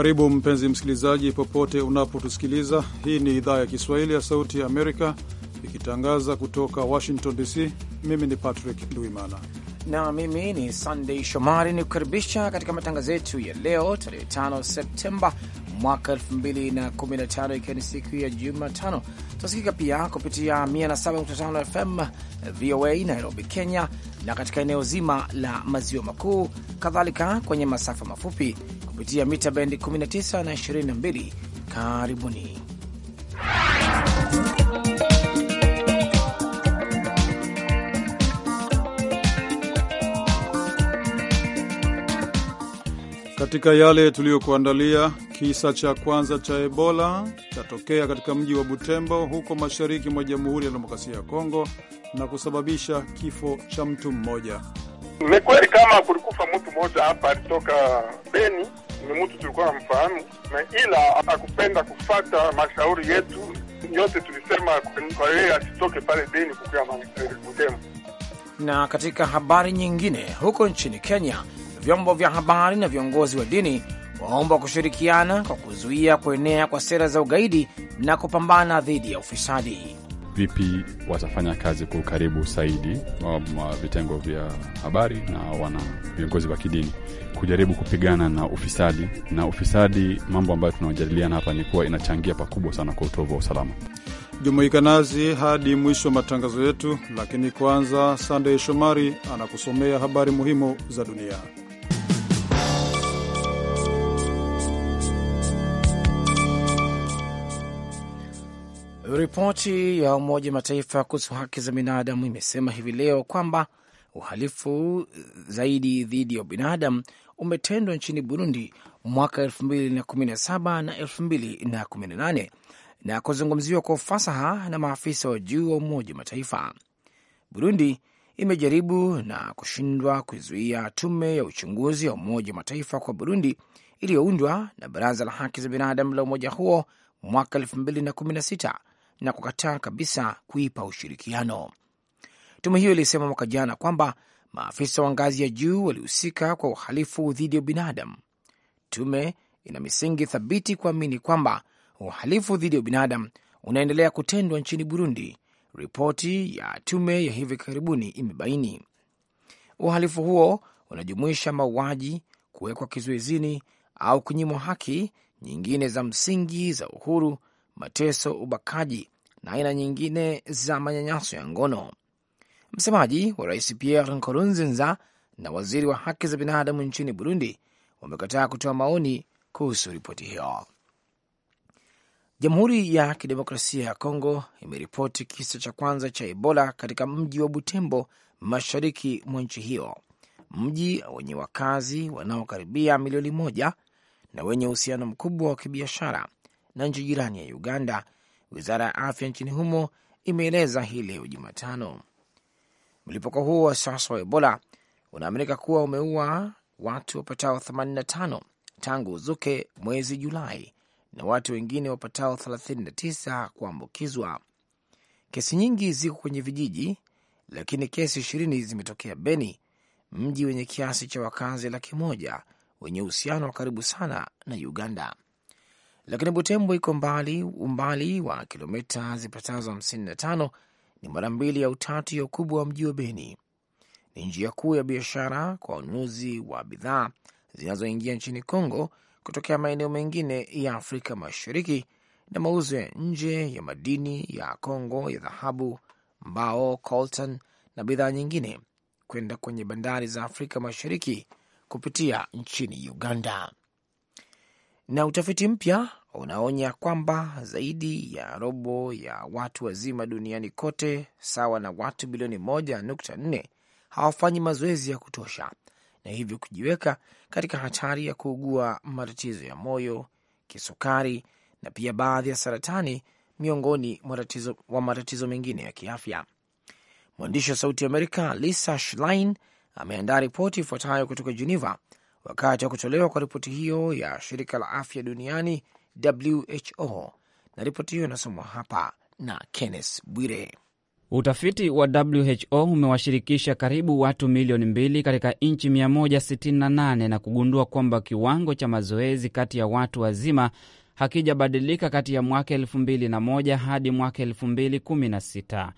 Karibu mpenzi msikilizaji, popote unapotusikiliza. Hii ni idhaa ya Kiswahili ya Sauti ya Amerika ikitangaza kutoka Washington DC. Mimi ni Patrick Nduimana na mimi ni Sandei Shomari, ni kukaribisha katika matangazo yetu ya leo tarehe 5 Septemba mwaka 2015 ikiwa ni siku ya Jumatano. Tutasikika pia kupitia 107.5 FM VOA Nairobi, Kenya, na katika eneo zima la maziwa makuu, kadhalika kwenye masafa mafupi kupitia mita bendi 19 na 22. Karibuni. Katika yale tuliyokuandalia, kisa cha kwanza cha Ebola chatokea katika mji wa Butembo huko mashariki mwa Jamhuri ya Demokrasia ya Kongo na kusababisha kifo cha mtu mmoja. Ni kweli kama kulikufa mtu mmoja hapa, alitoka Beni, ni mtu tulikuwa namfahamu na ila akupenda kufata mashauri yetu yote, tulisema kwa yeye asitoke pale Beni kukia Butembo. Na katika habari nyingine, huko nchini Kenya vyombo vya habari na viongozi wa dini waomba kushirikiana kwa kuzuia kuenea kwa sera za ugaidi na kupambana dhidi ya ufisadi. Vipi watafanya kazi kwa ukaribu zaidi wa vitengo vya habari na wana viongozi wa kidini kujaribu kupigana na ufisadi. Na ufisadi, mambo ambayo tunaojadiliana hapa ni kuwa inachangia pakubwa sana kwa utovu wa usalama. Jumuika nazi hadi mwisho wa matangazo yetu, lakini kwanza, Sandey Shomari anakusomea habari muhimu za dunia. Ripoti ya Umoja Mataifa kuhusu haki za binadamu imesema hivi leo kwamba uhalifu zaidi dhidi ya binadamu umetendwa nchini Burundi mwaka 2017 na 2018 na kuzungumziwa kwa ufasaha na maafisa wa juu wa Umoja Mataifa. Burundi imejaribu na kushindwa kuzuia tume ya uchunguzi wa Umoja Mataifa kwa Burundi iliyoundwa na Baraza la Haki za Binadamu la umoja huo mwaka 2016 na kukataa kabisa kuipa ushirikiano. Tume hiyo ilisema mwaka jana kwamba maafisa wa ngazi ya juu walihusika kwa uhalifu dhidi ya ubinadamu. Tume ina misingi thabiti kuamini kwamba uhalifu dhidi ya ubinadamu unaendelea kutendwa nchini Burundi, ripoti ya tume ya hivi karibuni imebaini. Uhalifu huo unajumuisha mauaji, kuwekwa kizuizini au kunyimwa haki nyingine za msingi za uhuru, mateso, ubakaji na aina nyingine za manyanyaso ya ngono. Msemaji wa rais Pierre Nkurunziza na waziri wa haki za binadamu nchini Burundi wamekataa kutoa maoni kuhusu ripoti hiyo. Jamhuri ya Kidemokrasia ya Kongo imeripoti kisa cha kwanza cha Ebola katika mji wa Butembo, mashariki mwa nchi hiyo, mji wenye wakazi wanaokaribia milioni moja na wenye uhusiano mkubwa wa kibiashara na nchi jirani ya Uganda wizara ya afya nchini humo imeeleza hii leo Jumatano. Mlipuko huo wa sasa wa Ebola unaaminika kuwa umeua watu wapatao 85 tangu uzuke mwezi Julai na watu wengine wapatao 39 kuambukizwa. Kesi nyingi ziko kwenye vijiji, lakini kesi ishirini zimetokea Beni, mji wenye kiasi cha wakazi laki moja wenye uhusiano wa karibu sana na Uganda lakini Butembo iko mbali, umbali wa kilomita zipatazo 55 ni mara mbili ya utatu ya ukubwa wa mji wa Beni. Ni njia kuu ya biashara kwa wanunuzi wa bidhaa zinazoingia nchini Kongo kutokea maeneo mengine ya Afrika Mashariki na mauzo ya nje ya madini ya Kongo ya dhahabu, mbao, coltan na bidhaa nyingine kwenda kwenye bandari za Afrika Mashariki kupitia nchini Uganda na utafiti mpya unaonya kwamba zaidi ya robo ya watu wazima duniani kote, sawa na watu bilioni 1.4 hawafanyi mazoezi ya kutosha, na hivyo kujiweka katika hatari ya kuugua matatizo ya moyo, kisukari na pia baadhi ya saratani, miongoni mwa matatizo mengine ya kiafya. Mwandishi wa Sauti ya Amerika Lisa Schlein ameandaa ripoti ifuatayo kutoka Geneva Wakati wa kutolewa kwa ripoti hiyo ya shirika la afya duniani WHO, na ripoti hiyo inasomwa hapa na Kenneth Bwire. Utafiti wa WHO umewashirikisha karibu watu milioni mbili katika nchi 168 na kugundua kwamba kiwango cha mazoezi kati ya watu wazima hakijabadilika kati ya mwaka 2001 hadi mwaka 2016.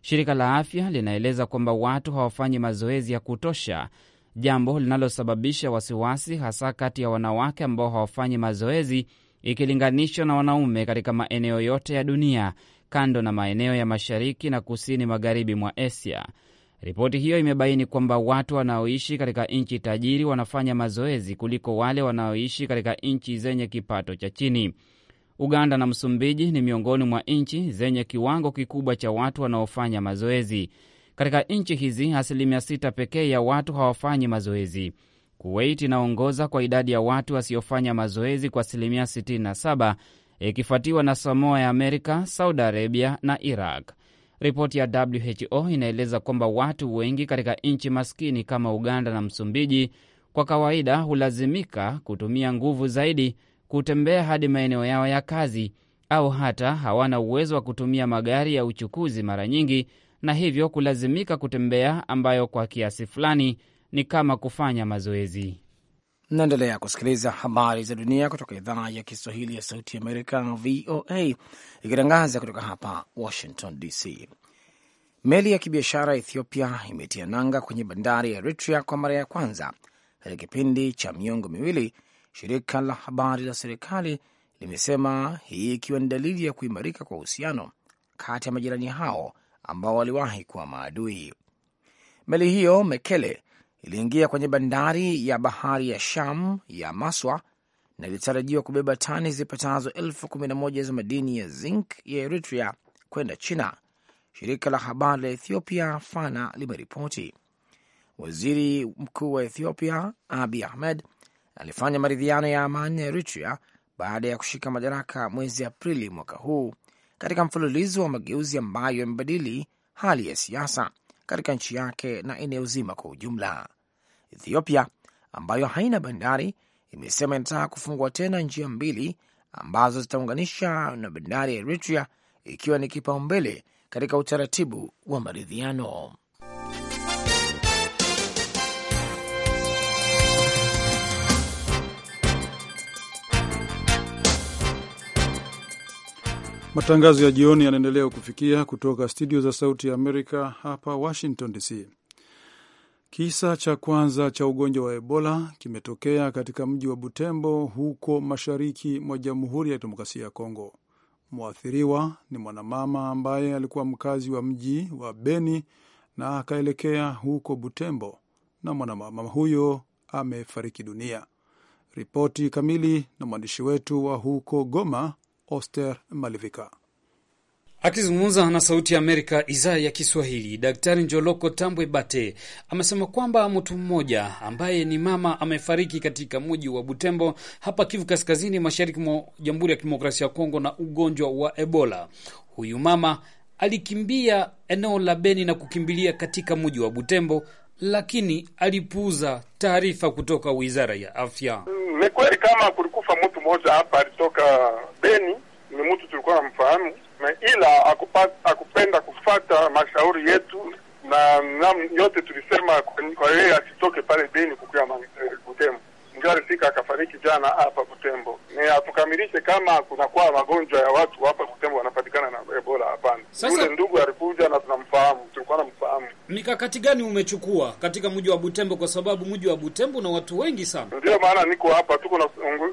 Shirika la afya linaeleza kwamba watu hawafanyi mazoezi ya kutosha jambo linalosababisha wasiwasi hasa kati ya wanawake ambao hawafanyi mazoezi ikilinganishwa na wanaume katika maeneo yote ya dunia kando na maeneo ya mashariki na kusini magharibi mwa Asia. Ripoti hiyo imebaini kwamba watu wanaoishi katika nchi tajiri wanafanya mazoezi kuliko wale wanaoishi katika nchi zenye kipato cha chini. Uganda na Msumbiji ni miongoni mwa nchi zenye kiwango kikubwa cha watu wanaofanya mazoezi. Katika nchi hizi asilimia sita pekee ya watu hawafanyi mazoezi. Kuwait inaongoza kwa idadi ya watu wasiofanya mazoezi kwa asilimia 67 ikifuatiwa na Samoa ya Amerika, Saudi Arabia na Iraq. Ripoti ya WHO inaeleza kwamba watu wengi katika nchi maskini kama Uganda na Msumbiji kwa kawaida hulazimika kutumia nguvu zaidi kutembea hadi maeneo yao ya kazi, au hata hawana uwezo wa kutumia magari ya uchukuzi mara nyingi na hivyo kulazimika kutembea, ambayo kwa kiasi fulani ni kama kufanya mazoezi. Naendelea kusikiliza habari za dunia kutoka idhaa ya Kiswahili ya Sauti Amerika, VOA, ikitangaza kutoka hapa Washington DC. Meli ya kibiashara ya Ethiopia imetia nanga kwenye bandari ya Eritrea kwa mara ya kwanza katika kipindi cha miongo miwili, shirika la habari la serikali limesema, hii ikiwa ni dalili ya kuimarika kwa uhusiano kati ya majirani hao ambao waliwahi kuwa maadui. Meli hiyo Mekele iliingia kwenye bandari ya bahari ya Sham ya Maswa na ilitarajiwa kubeba tani zipatazo elfu kumi na moja za madini ya zinc ya Eritrea kwenda China, shirika la habari la Ethiopia Fana limeripoti. Waziri Mkuu wa Ethiopia Abi Ahmed alifanya maridhiano ya amani ya Eritrea baada ya kushika madaraka mwezi Aprili mwaka huu katika mfululizo wa mageuzi ambayo yamebadili hali ya siasa katika nchi yake na eneo zima kwa ujumla. Ethiopia ambayo haina bandari imesema inataka kufungua tena njia mbili ambazo zitaunganisha na bandari ya Eritrea, ikiwa ni kipaumbele katika utaratibu wa maridhiano. Matangazo ya jioni yanaendelea kufikia kutoka studio za Sauti ya Amerika hapa Washington DC. Kisa cha kwanza cha ugonjwa wa Ebola kimetokea katika mji wa Butembo huko mashariki mwa Jamhuri ya demokrasia ya Kongo. Mwathiriwa ni mwanamama ambaye alikuwa mkazi wa mji wa Beni na akaelekea huko Butembo, na mwanamama huyo amefariki dunia. Ripoti kamili na mwandishi wetu wa huko Goma, Oster Malivika. Akizungumza na Sauti ya Amerika idhaa ya Kiswahili, Daktari Njoloko Tambwe Bate amesema kwamba mtu mmoja ambaye ni mama amefariki katika mji wa Butembo hapa Kivu Kaskazini, mashariki mwa Jamhuri ya Kidemokrasia ya Kongo na ugonjwa wa Ebola. Huyu mama alikimbia eneo la Beni na kukimbilia katika mji wa Butembo lakini alipuuza taarifa kutoka wizara ya afya. Ni kweli kama kulikufa mtu mmoja hapa, alitoka Beni, ni mtu tulikuwa na ila akupenda kufata mashauri yetu na, nam yote tulisema kwa yeye asitoke pale Beni kukuya eh, Butemo ndio alifika akafariki jana hapa Butembo. Ni hatukamilishe kama kunakuwa magonjwa ya watu hapa Butembo wanapatikana na Ebola, hapana. Sasa yule ndugu alikuja na tunamfahamu, tulikuwa namfahamu. Mikakati gani umechukua katika mji wa Butembo, kwa sababu mji wa Butembo na watu wengi sana? Ndio maana niko hapa, tuko na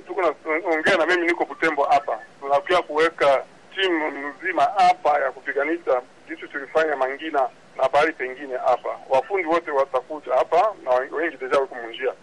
tuko na ongea na mimi, niko Butembo hapa, tunakia kuweka timu mzima hapa ya kupiganisha jinsi tulifanya Mangina na pahali pengine hapa. Wafundi wote watakuja hapa na wengi deja wako munjia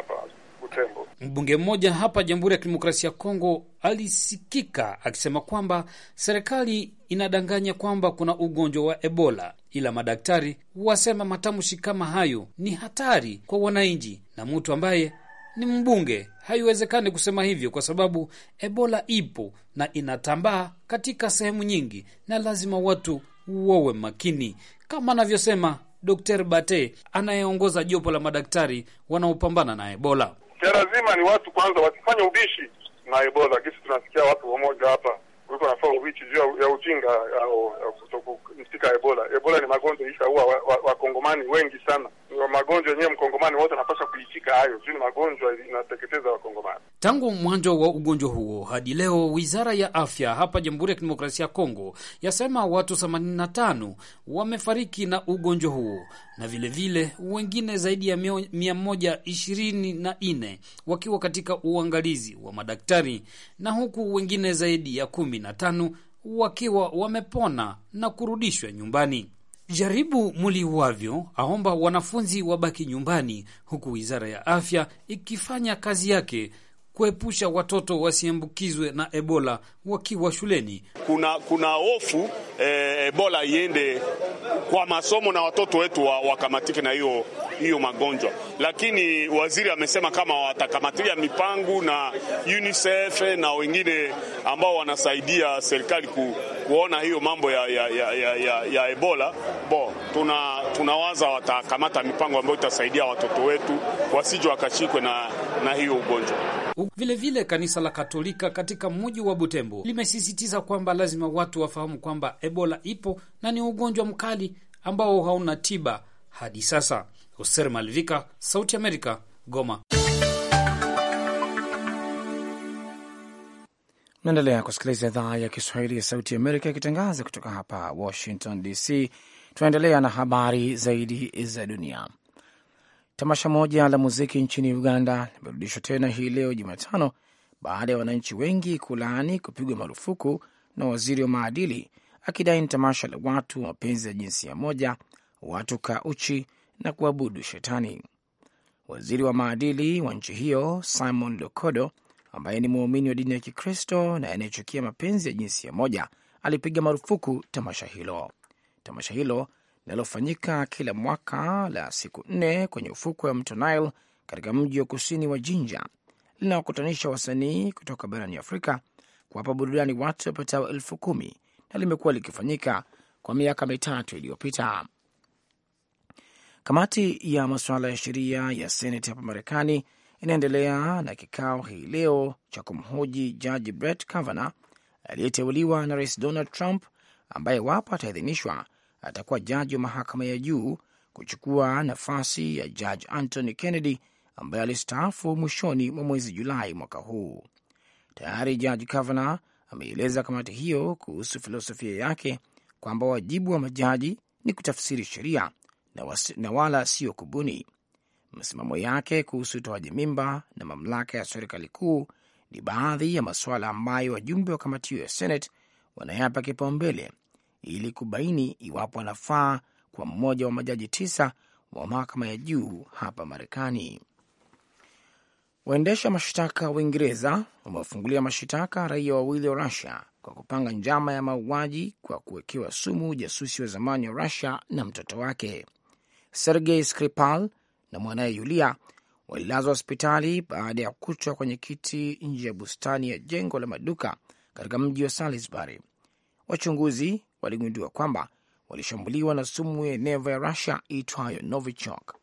hapa Butembo. Mbunge mmoja hapa Jamhuri ya Kidemokrasia ya Kongo alisikika akisema kwamba serikali inadanganya kwamba kuna ugonjwa wa Ebola, ila madaktari wasema matamshi kama hayo ni hatari kwa wananchi na mtu ambaye ni mbunge haiwezekani kusema hivyo kwa sababu Ebola ipo na inatambaa katika sehemu nyingi, na lazima watu wawe makini, kama anavyosema Dr. Bate anayeongoza jopo la madaktari wanaopambana na Ebola. lazima ni watu kwanza wasifanye ubishi na Ebola, kisi tunasikia watu wamoja hapa kuliko nafaa ubishi juu ya ujinga au kutokumsika Ebola. Ebola ni magonjwa ishaua wakongomani wa, wa wengi sana magonjwa yenyewe mkongomani wote anapaswa kuitika hayo, sio magonjwa inateketeza wakongomani. Tangu mwanzo wa ugonjwa huo hadi leo, wizara ya afya hapa Jamhuri ya Kidemokrasia ya Kongo yasema watu 85 wamefariki na ugonjwa huo na vilevile vile, wengine zaidi ya 124 wakiwa katika uangalizi wa madaktari na huku wengine zaidi ya 15 tano wakiwa wamepona na kurudishwa nyumbani jaribu muliwavyo, aomba wanafunzi wabaki nyumbani, huku wizara ya afya ikifanya kazi yake kuepusha watoto wasiambukizwe na Ebola wakiwa shuleni. Kuna kuna hofu e, Ebola iende kwa masomo na watoto wetu wakamatike wa na hiyo hiyo magonjwa, lakini waziri amesema kama watakamatia mipango na UNICEF na wengine ambao wanasaidia serikali ku, kuona hiyo mambo ya, ya, ya, ya, ya, ya Ebola bo tuna, tunawaza watakamata mipango ambayo itasaidia watoto wetu wasije wakashikwe na, na hiyo ugonjwa. Vilevile vile kanisa la Katolika katika mji wa Butembo limesisitiza kwamba lazima watu wafahamu kwamba Ebola ipo na ni ugonjwa mkali ambao hauna tiba hadi sasa. Hoser Malvika, Sauti Amerika, Goma. Naendelea kusikiliza idhaa ya Kiswahili ya Sauti Amerika ikitangaza kutoka hapa Washington DC. Tunaendelea na habari zaidi za dunia. Tamasha moja la muziki nchini Uganda limerudishwa tena hii leo Jumatano baada ya wananchi wengi kulaani kupigwa marufuku na waziri wa maadili, akidai ni tamasha la watu wa mapenzi ya jinsia moja, watu kauchi na kuabudu shetani. Waziri wa maadili wa nchi hiyo Simon Lokodo, ambaye ni muumini wa dini ya Kikristo na anayechukia mapenzi ya jinsia moja, alipiga marufuku tamasha hilo. Tamasha hilo linalofanyika kila mwaka la siku nne kwenye ufukwe wa mto Nile katika mji wa kusini wa Jinja linawakutanisha wasanii kutoka barani Afrika kuwapa burudani watu wapatao elfu kumi na limekuwa likifanyika kwa miaka mitatu iliyopita. Kamati ya masuala ya sheria ya Seneti hapa Marekani inaendelea na kikao hii leo cha kumhoji jaji Brett Kavanaugh aliyeteuliwa na rais Donald Trump, ambaye wapo ataidhinishwa, atakuwa jaji wa mahakama ya juu kuchukua nafasi ya jaji Anthony Kennedy ambaye alistaafu mwishoni mwa mwezi Julai mwaka huu. Tayari jaji Kavanaugh ameieleza kamati hiyo kuhusu filosofia yake kwamba wajibu wa majaji ni kutafsiri sheria na, was, na wala sio kubuni. Msimamo yake kuhusu utoaji mimba na mamlaka ya serikali kuu ni baadhi ya masuala ambayo wajumbe wa kamati hiyo ya Senate wanayapa kipaumbele ili kubaini iwapo anafaa kwa mmoja wa majaji tisa wa mahakama ya juu hapa Marekani. Waendesha mashtaka wa Uingereza wamewafungulia mashtaka raia wawili wa Rusia kwa kupanga njama ya mauaji kwa kuwekewa sumu jasusi wa zamani wa Rusia na mtoto wake. Sergei Skripal na mwanaye Yulia walilazwa hospitali baada ya kuchwa kwenye kiti nje ya bustani ya jengo la maduka katika mji wa Salisbury. Wachunguzi waligundua kwamba walishambuliwa na sumu ya neva ya Rusia itwayo Novichok.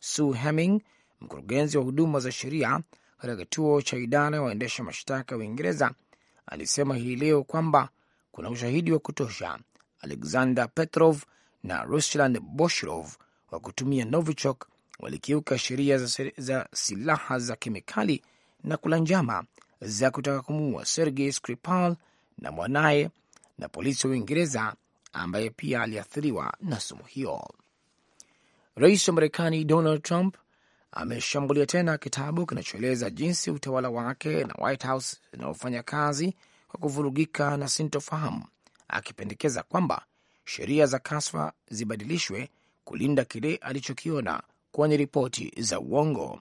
Sue heming mkurugenzi wa huduma za sheria katika kituo cha idara ya waendesha mashtaka ya Uingereza, alisema hii leo kwamba kuna ushahidi wa kutosha Alexander Petrov na Ruslan boshrov wa kutumia Novichok walikiuka sheria za, za silaha za kemikali na kula njama za kutaka kumuua Sergei Skripal na mwanaye na polisi wa Uingereza ambaye pia aliathiriwa na sumu hiyo. Rais wa Marekani Donald Trump ameshambulia tena kitabu kinachoeleza jinsi utawala wake na White House inayofanya kazi kwa kuvurugika na sintofahamu, akipendekeza kwamba sheria za kaswa zibadilishwe kulinda kile alichokiona kwenye ripoti za uongo.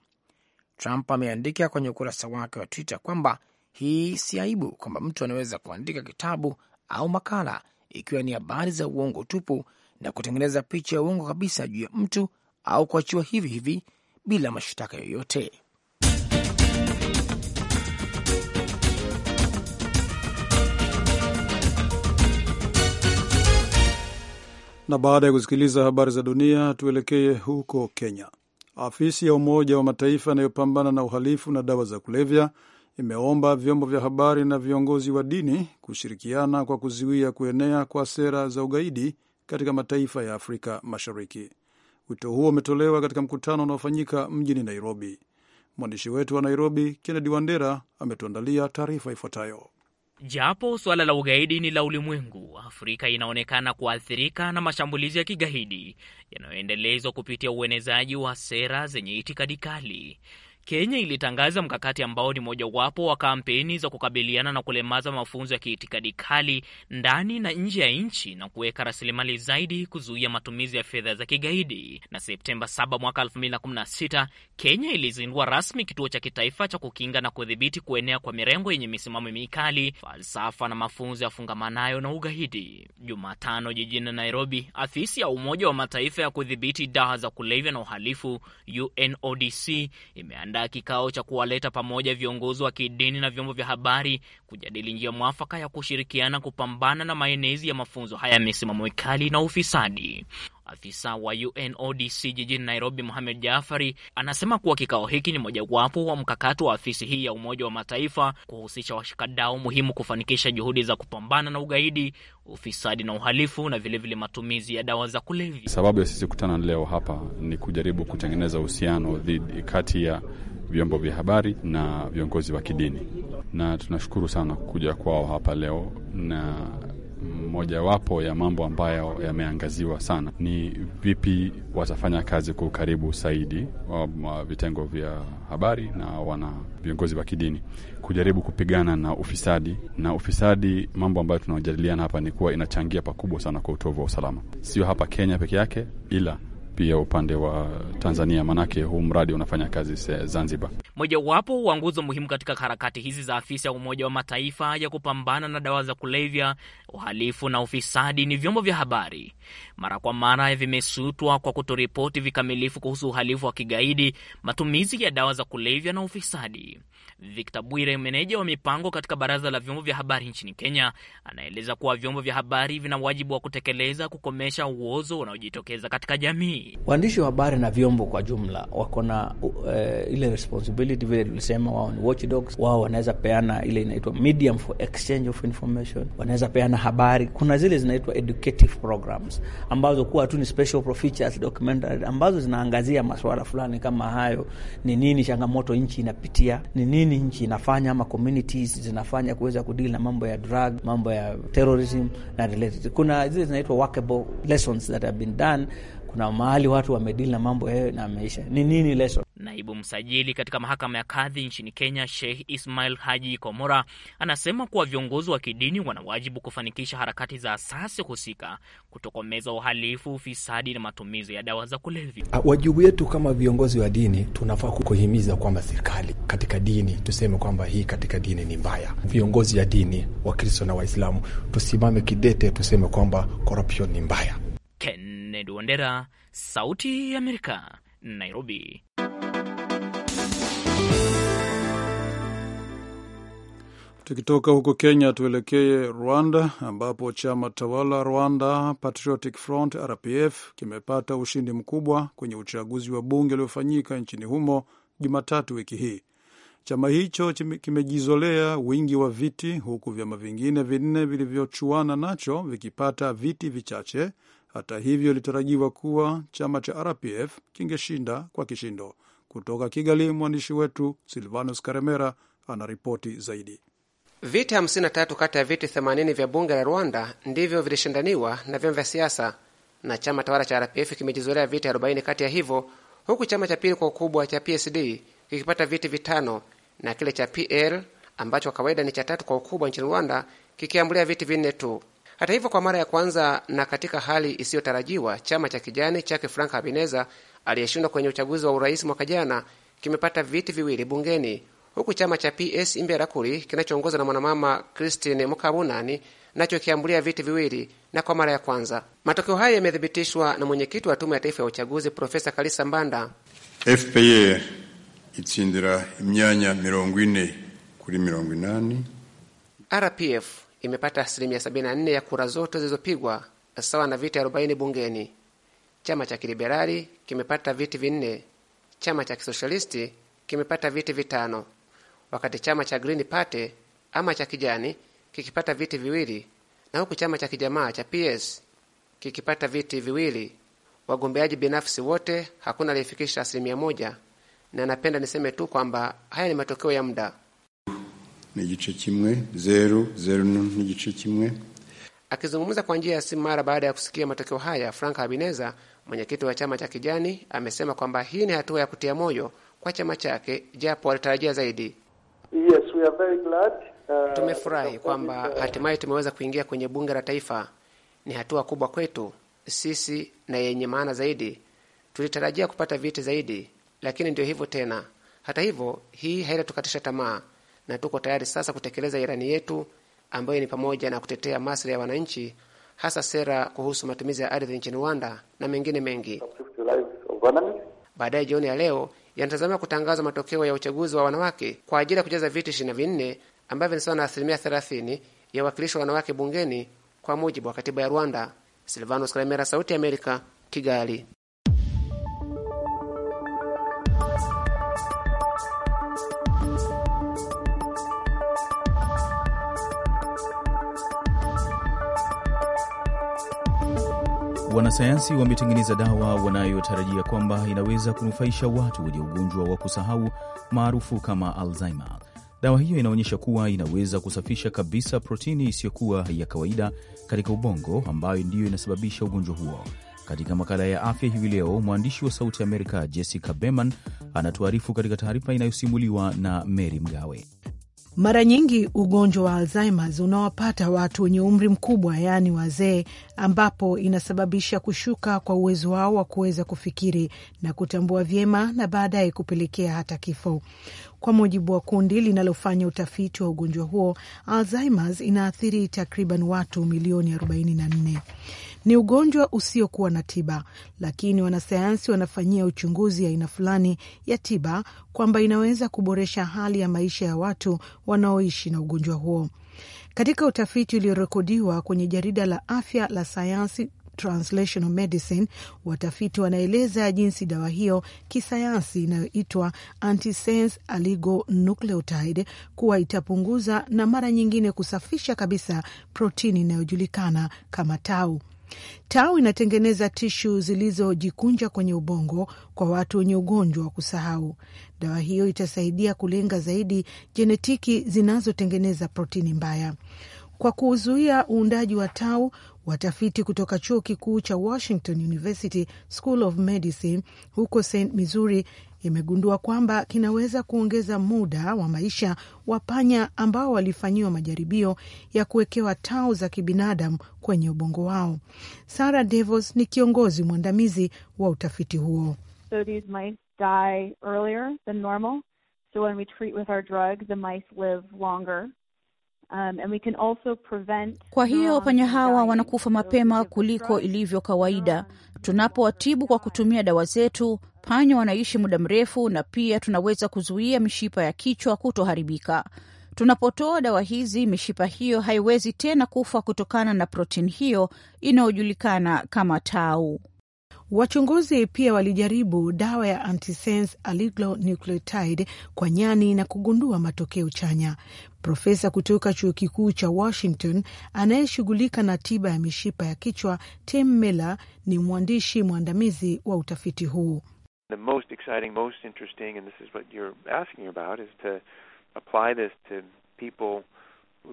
Trump ameandika kwenye ukurasa wake wa Twitter kwamba hii si aibu kwamba mtu anaweza kuandika kitabu au makala ikiwa ni habari za uongo tupu na kutengeneza picha ya uongo kabisa juu ya mtu au kuachiwa hivi hivi bila mashtaka yoyote. Na baada ya kusikiliza habari za dunia, tuelekee huko Kenya. Afisi ya Umoja wa Mataifa inayopambana na uhalifu na dawa za kulevya imeomba vyombo vya habari na viongozi wa dini kushirikiana kwa kuzuia kuenea kwa sera za ugaidi katika mataifa ya Afrika Mashariki. Wito huo umetolewa katika mkutano unaofanyika mjini Nairobi. Mwandishi wetu wa Nairobi, Kennedy Wandera, ametuandalia taarifa ifuatayo. Japo suala la ugaidi ni la ulimwengu, Afrika inaonekana kuathirika na mashambulizi ya kigaidi yanayoendelezwa kupitia uenezaji wa sera zenye itikadi kali. Kenya ilitangaza mkakati ambao ni mojawapo wa kampeni za kukabiliana na kulemaza mafunzo ya kiitikadi kali ndani na nje ya nchi na kuweka rasilimali zaidi kuzuia matumizi ya fedha za kigaidi. Na Septemba 7 mwaka 2016 Kenya ilizindua rasmi kituo cha kitaifa cha kukinga na kudhibiti kuenea kwa mirengo yenye misimamo mikali, falsafa na mafunzo yafungamanayo na ugaidi. Jumatano jijini Nairobi, afisi ya Umoja wa Mataifa ya kudhibiti dawa za kulevya na uhalifu UNODC imeanda kuandaa kikao cha kuwaleta pamoja viongozi wa kidini na vyombo vya habari kujadili njia mwafaka ya kushirikiana kupambana na maenezi ya mafunzo haya ya misimamo mikali na ufisadi. Afisa wa UNODC jijini Nairobi, Mohamed Jaafari, anasema kuwa kikao hiki ni mojawapo wa mkakato wa afisi hii ya Umoja wa Mataifa kuhusisha washikadau muhimu kufanikisha juhudi za kupambana na ugaidi, ufisadi na uhalifu na vilevile vile matumizi ya dawa za kulevya. Sababu ya sisi kutana leo hapa ni kujaribu kutengeneza uhusiano dhidi kati ya vyombo vya habari na viongozi wa kidini, na tunashukuru sana kuja kwao hapa leo na mojawapo ya mambo ambayo yameangaziwa sana ni vipi watafanya kazi kwa ukaribu zaidi um, vitengo vya habari na wana viongozi wa kidini kujaribu kupigana na ufisadi. Na ufisadi, mambo ambayo tunajadiliana hapa ni kuwa inachangia pakubwa sana kwa utovu wa usalama, sio hapa Kenya peke yake, ila pia upande wa Tanzania, maanake huu mradi unafanya kazi Zanzibar. Mojawapo wa nguzo muhimu katika harakati hizi za afisi ya Umoja wa Mataifa ya kupambana na dawa za kulevya, uhalifu na ufisadi ni vyombo vya habari. Mara kwa mara vimesutwa kwa kutoripoti vikamilifu kuhusu uhalifu wa kigaidi, matumizi ya dawa za kulevya na ufisadi. Victor Bwire, meneja wa mipango katika baraza la vyombo vya habari nchini Kenya, anaeleza kuwa vyombo vya habari vina wajibu wa kutekeleza kukomesha uozo unaojitokeza katika jamii. Waandishi wa habari na vyombo kwa jumla wako na uh, ile responsibility, vile tulisema, wao ni watchdogs. Wao wanaweza peana ile inaitwa medium for exchange of information, wanaweza peana habari. Kuna zile zinaitwa educative programs ambazo kuwa tu ni special features documentary ambazo zinaangazia masuala fulani kama hayo, ni nini changamoto nchi inapitia, ni nini nini nchi inafanya ama communities zinafanya kuweza kudili na mambo ya drug, mambo ya terrorism na related. Kuna zile zinaitwa workable lessons that have been done. Kuna mahali watu wamedili na mambo yayo na maisha, ni nini lesson Naibu msajili katika mahakama ya kadhi nchini Kenya, Sheikh Ismail Haji Komora anasema kuwa viongozi wa kidini wana wajibu kufanikisha harakati za asasi husika kutokomeza uhalifu, ufisadi na matumizi ya dawa za kulevya. Ah, wajibu wetu kama viongozi wa dini, tunafaa kuhimiza kwamba serikali katika dini tuseme kwamba hii katika dini ni mbaya. Viongozi ya dini, Wakristo na Waislamu, tusimame kidete, tuseme kwamba corruption ni mbaya. Kennedy Wandera, Sauti ya Amerika, Nairobi. Tukitoka huko Kenya tuelekee Rwanda, ambapo chama tawala Rwanda Patriotic Front RPF kimepata ushindi mkubwa kwenye uchaguzi wa bunge uliofanyika nchini humo Jumatatu wiki hii. Chama hicho kimejizolea wingi wa viti, huku vyama vingine vinne vilivyochuana nacho vikipata viti vichache. Hata hivyo, ilitarajiwa kuwa chama cha RPF kingeshinda kwa kishindo. Kutoka Kigali, mwandishi wetu Silvanus Karemera anaripoti zaidi. Viti 53 kati ya viti 80 vya bunge la Rwanda ndivyo vilishindaniwa na vyama vya siasa, na chama tawala cha RPF kimejizolea viti 40 kati ya hivyo, huku chama cha pili kwa ukubwa cha PSD kikipata viti vitano na kile cha PL ambacho kwa kawaida ni cha tatu kwa ukubwa nchini Rwanda kikiambulia viti vinne tu. Hata hivyo, kwa mara ya kwanza na katika hali isiyotarajiwa, chama cha kijani chake Frank Habineza aliyeshindwa kwenye uchaguzi wa urais mwaka jana kimepata viti viwili bungeni huku chama cha PS Imberakuri kinachoongozwa na mwanamama Christine Mukabunani nacho kiambulia viti viwili na kwa mara ya kwanza. Matokeo haya yamethibitishwa na mwenyekiti wa Tume ya Taifa ya Uchaguzi Profesa Kalisa Mbanda. FPA itsindira imyanya mirongo ine kuri mirongo inani. RPF imepata asilimia 74 ya kura zote zilizopigwa sawa na viti 40 bungeni. Chama cha kiliberali kimepata viti vinne. Chama cha kisoshalisti kimepata viti vitano wakati chama cha Green Party ama cha kijani kikipata viti viwili na huku chama cha kijamaa cha PS kikipata viti viwili. Wagombeaji binafsi wote hakuna aliyefikisha asilimia moja, na napenda niseme tu kwamba haya ni matokeo ya muda. Akizungumza kwa njia ya simu mara baada ya kusikia matokeo haya, Frank Habineza, mwenyekiti wa chama cha kijani, amesema kwamba hii ni hatua ya kutia moyo kwa chama chake, japo walitarajia zaidi. Yes, we are very glad. Uh, tumefurahi kwamba hatimaye tumeweza kuingia kwenye bunge la taifa. Ni hatua kubwa kwetu sisi na yenye maana zaidi. Tulitarajia kupata viti zaidi, lakini ndio hivyo tena. Hata hivyo, hii haitatukatisha tamaa na tuko tayari sasa kutekeleza irani yetu ambayo ni pamoja na kutetea maslahi ya wananchi, hasa sera kuhusu matumizi ya ardhi nchini Rwanda na mengine mengi. Baadaye jioni ya leo yanatazamiwa kutangaza matokeo ya uchaguzi wa wanawake kwa ajili ya kujaza viti 24 ambavyo ni sawa na asilimia 30 ya uwakilishi wa wanawake bungeni kwa mujibu wa katiba ya Rwanda. Silvanos Kalemera, Sauti ya Amerika, Kigali. Wanasayansi wametengeneza dawa wanayotarajia kwamba inaweza kunufaisha watu wenye ugonjwa wa kusahau maarufu kama Alzheimer. Dawa hiyo inaonyesha kuwa inaweza kusafisha kabisa protini isiyokuwa ya kawaida katika ubongo ambayo ndiyo inasababisha ugonjwa huo. Katika makala ya afya hivi leo, mwandishi wa Sauti ya Amerika Jessica Berman anatuarifu katika taarifa inayosimuliwa na Mary Mgawe. Mara nyingi ugonjwa wa Alzheimers unawapata watu wenye umri mkubwa, yaani wazee, ambapo inasababisha kushuka kwa uwezo wao wa kuweza kufikiri na kutambua vyema na baadaye kupelekea hata kifo. Kwa mujibu wa kundi linalofanya utafiti wa ugonjwa huo, Alzheimers inaathiri takriban watu milioni 44. Ni ugonjwa usiokuwa na tiba, lakini wanasayansi wanafanyia uchunguzi aina fulani ya tiba kwamba inaweza kuboresha hali ya maisha ya watu wanaoishi na ugonjwa huo. Katika utafiti uliorekodiwa kwenye jarida la afya la sayansi Translational Medicine, watafiti wanaeleza jinsi dawa hiyo kisayansi inayoitwa antisense oligonucleotide kuwa itapunguza na mara nyingine kusafisha kabisa protini inayojulikana kama tau. Tau inatengeneza tishu zilizojikunja kwenye ubongo kwa watu wenye ugonjwa wa kusahau. Dawa hiyo itasaidia kulenga zaidi jenetiki zinazotengeneza protini mbaya kwa kuzuia uundaji wa tau. Watafiti kutoka chuo kikuu cha Washington University School of Medicine huko St Missouri imegundua kwamba kinaweza kuongeza muda wa maisha wa panya ambao walifanyiwa majaribio ya kuwekewa tau za kibinadamu kwenye ubongo wao. Sara Devos ni kiongozi mwandamizi wa utafiti huo. So these mice die earlier than normal. So when we treat with our drug, the mice live longer. Um, and we can also prevent... Kwa hiyo panya hawa wanakufa mapema kuliko ilivyo kawaida, Tunapowatibu kwa kutumia dawa zetu, panya wanaishi muda mrefu, na pia tunaweza kuzuia mishipa ya kichwa kutoharibika. Tunapotoa dawa hizi, mishipa hiyo haiwezi tena kufa kutokana na protini hiyo inayojulikana kama tau. Wachunguzi pia walijaribu dawa ya antisense oligonucleotide kwa nyani na kugundua matokeo chanya profesa kutoka chuo kikuu cha Washington anayeshughulika na tiba ya mishipa ya kichwa, Tim Miller, ni mwandishi mwandamizi wa utafiti huu. The most exciting, most interesting, and this is what you're asking about, is to apply this to people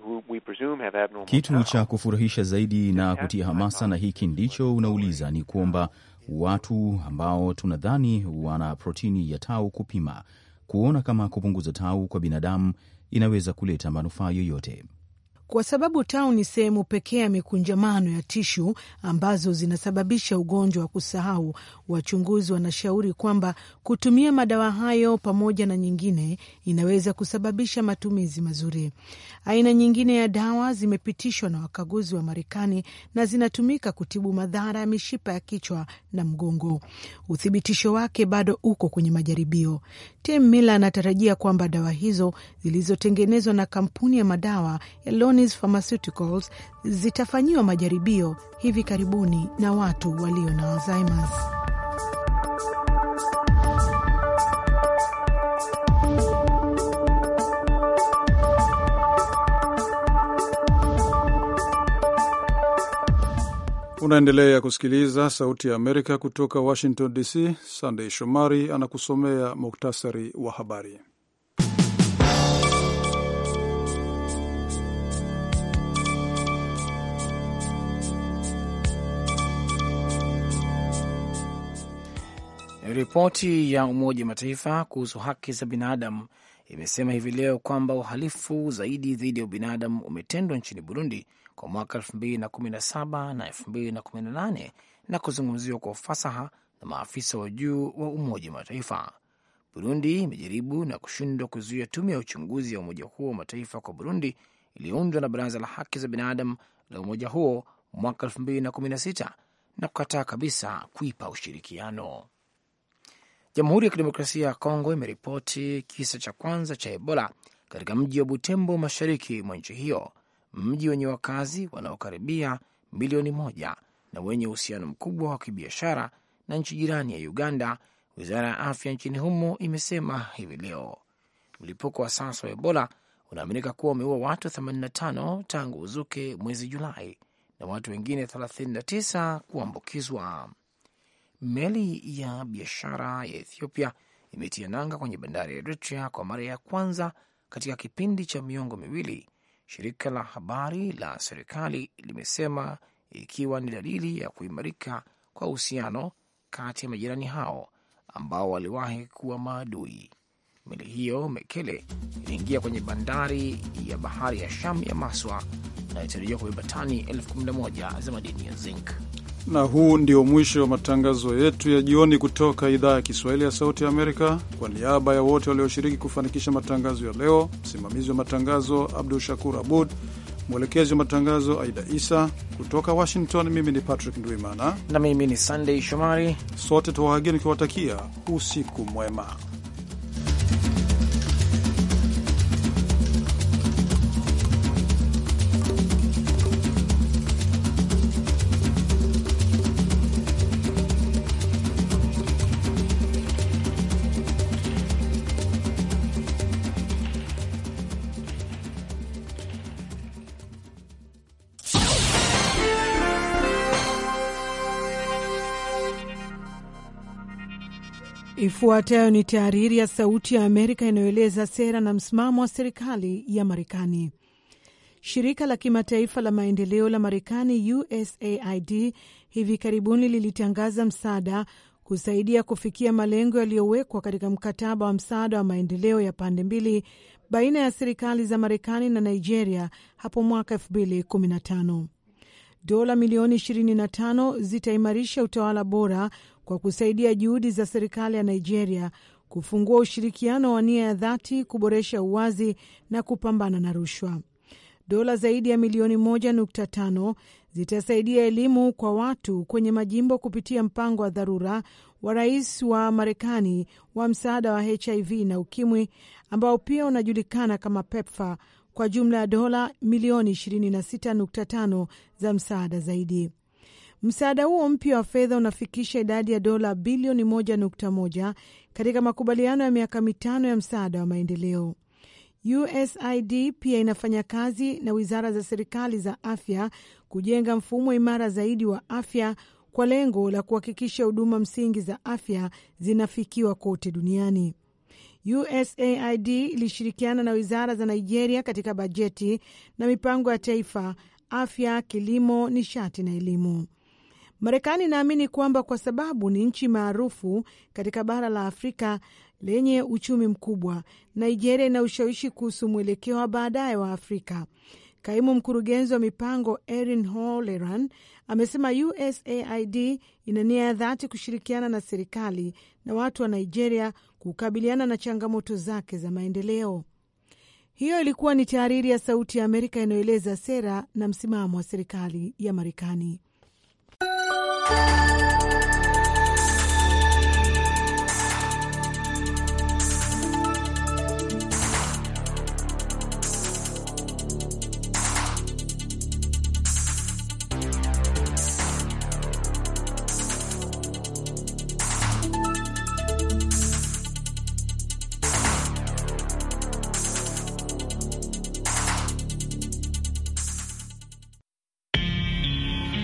who we presume have abnormal. Kitu cha kufurahisha zaidi na kutia hamasa, na hiki ndicho unauliza, ni kwamba watu ambao tunadhani wana protini ya tau kupima kuona kama kupunguza tau kwa binadamu inaweza kuleta manufaa yoyote kwa sababu tau ni sehemu pekee ya mikunjamano ya tishu ambazo zinasababisha ugonjwa wa kusahau. Wachunguzi wanashauri kwamba kutumia madawa hayo pamoja na nyingine inaweza kusababisha matumizi mazuri. Aina nyingine ya dawa zimepitishwa na wakaguzi wa Marekani na zinatumika kutibu madhara ya mishipa ya kichwa na mgongo. Uthibitisho wake bado uko kwenye majaribio. Tim Miller anatarajia kwamba dawa hizo zilizotengenezwa na kampuni ya madawa ya Japanese Pharmaceuticals zitafanyiwa majaribio hivi karibuni na watu walio na Alzheimer's. Unaendelea kusikiliza Sauti ya Amerika kutoka Washington DC. Sandey Shomari anakusomea muktasari wa habari. Ripoti ya Umoja wa Mataifa kuhusu haki za binadamu imesema hivi leo kwamba uhalifu zaidi dhidi ya ubinadamu umetendwa nchini Burundi kwa mwaka 2017 na 2018 na kuzungumziwa kwa ufasaha na maafisa wa juu wa Umoja wa Mataifa. Burundi imejaribu na kushindwa kuzuia tume ya uchunguzi ya umoja huo wa mataifa kwa Burundi iliyoundwa na Baraza la Haki za Binadamu la umoja huo mwaka 2016 na kukataa kabisa kuipa ushirikiano. Jamhuri ya Kidemokrasia ya Kongo imeripoti kisa cha kwanza cha Ebola katika mji wa Butembo, mashariki mwa nchi hiyo, mji wenye wakazi wanaokaribia milioni moja na wenye uhusiano mkubwa wa kibiashara na nchi jirani ya Uganda. Wizara ya afya nchini humo imesema hivi leo mlipuko wa sasa wa Ebola unaaminika kuwa umeua watu 85 tangu uzuke mwezi Julai na watu wengine 39 kuambukizwa. Meli ya biashara ya Ethiopia imetia nanga kwenye bandari ya Eritrea kwa mara ya kwanza katika kipindi cha miongo miwili, shirika la habari la serikali limesema, ikiwa ni dalili ya kuimarika kwa uhusiano kati ya majirani hao ambao waliwahi kuwa maadui. Meli hiyo Mekele iliingia kwenye bandari ya bahari ya Sham ya Maswa na inatarajiwa kubeba tani elfu kumi na moja za madini ya zinc. Na huu ndio mwisho wa matangazo yetu ya jioni kutoka idhaa ya Kiswahili ya Sauti ya Amerika. Kwa niaba ya wote walioshiriki kufanikisha matangazo ya leo, msimamizi wa matangazo Abdu Shakur Abud, mwelekezi wa matangazo Aida Isa kutoka Washington. Mimi ni Patrick Ndwimana na mimi ni Sandey Shomari, sote tuwaageni ukiwatakia usiku mwema. Ifuatayo ni tahariri ya Sauti ya Amerika inayoeleza sera na msimamo wa serikali ya Marekani. Shirika la kimataifa la maendeleo la Marekani, USAID, hivi karibuni lilitangaza msaada kusaidia kufikia malengo yaliyowekwa katika mkataba wa msaada wa maendeleo ya pande mbili baina ya serikali za Marekani na Nigeria hapo mwaka 2015. Dola milioni 25 zitaimarisha utawala bora kwa kusaidia juhudi za serikali ya Nigeria kufungua ushirikiano wa nia ya dhati kuboresha uwazi na kupambana na rushwa. Dola zaidi ya milioni 1.5 zitasaidia elimu kwa watu kwenye majimbo kupitia mpango wa dharura wa rais wa Marekani wa msaada wa HIV na ukimwi ambao pia unajulikana kama PEPFA kwa jumla ya dola milioni 26.5 za msaada zaidi. Msaada huo mpya wa fedha unafikisha idadi ya dola bilioni 1.1 katika makubaliano ya miaka mitano ya msaada wa maendeleo. USAID pia inafanya kazi na wizara za serikali za afya kujenga mfumo imara zaidi wa afya kwa lengo la kuhakikisha huduma msingi za afya zinafikiwa kote duniani. USAID ilishirikiana na wizara za Nigeria katika bajeti na mipango ya taifa, afya, kilimo, nishati na elimu. Marekani inaamini kwamba kwa sababu ni nchi maarufu katika bara la Afrika lenye uchumi mkubwa, Nigeria ina ushawishi kuhusu mwelekeo wa baadaye wa Afrika. Kaimu mkurugenzi wa mipango Erin Holeran amesema USAID ina nia ya dhati kushirikiana na serikali na watu wa Nigeria kukabiliana na changamoto zake za maendeleo. Hiyo ilikuwa ni tahariri ya Sauti ya Amerika inayoeleza sera na msimamo wa serikali ya Marekani. Bye.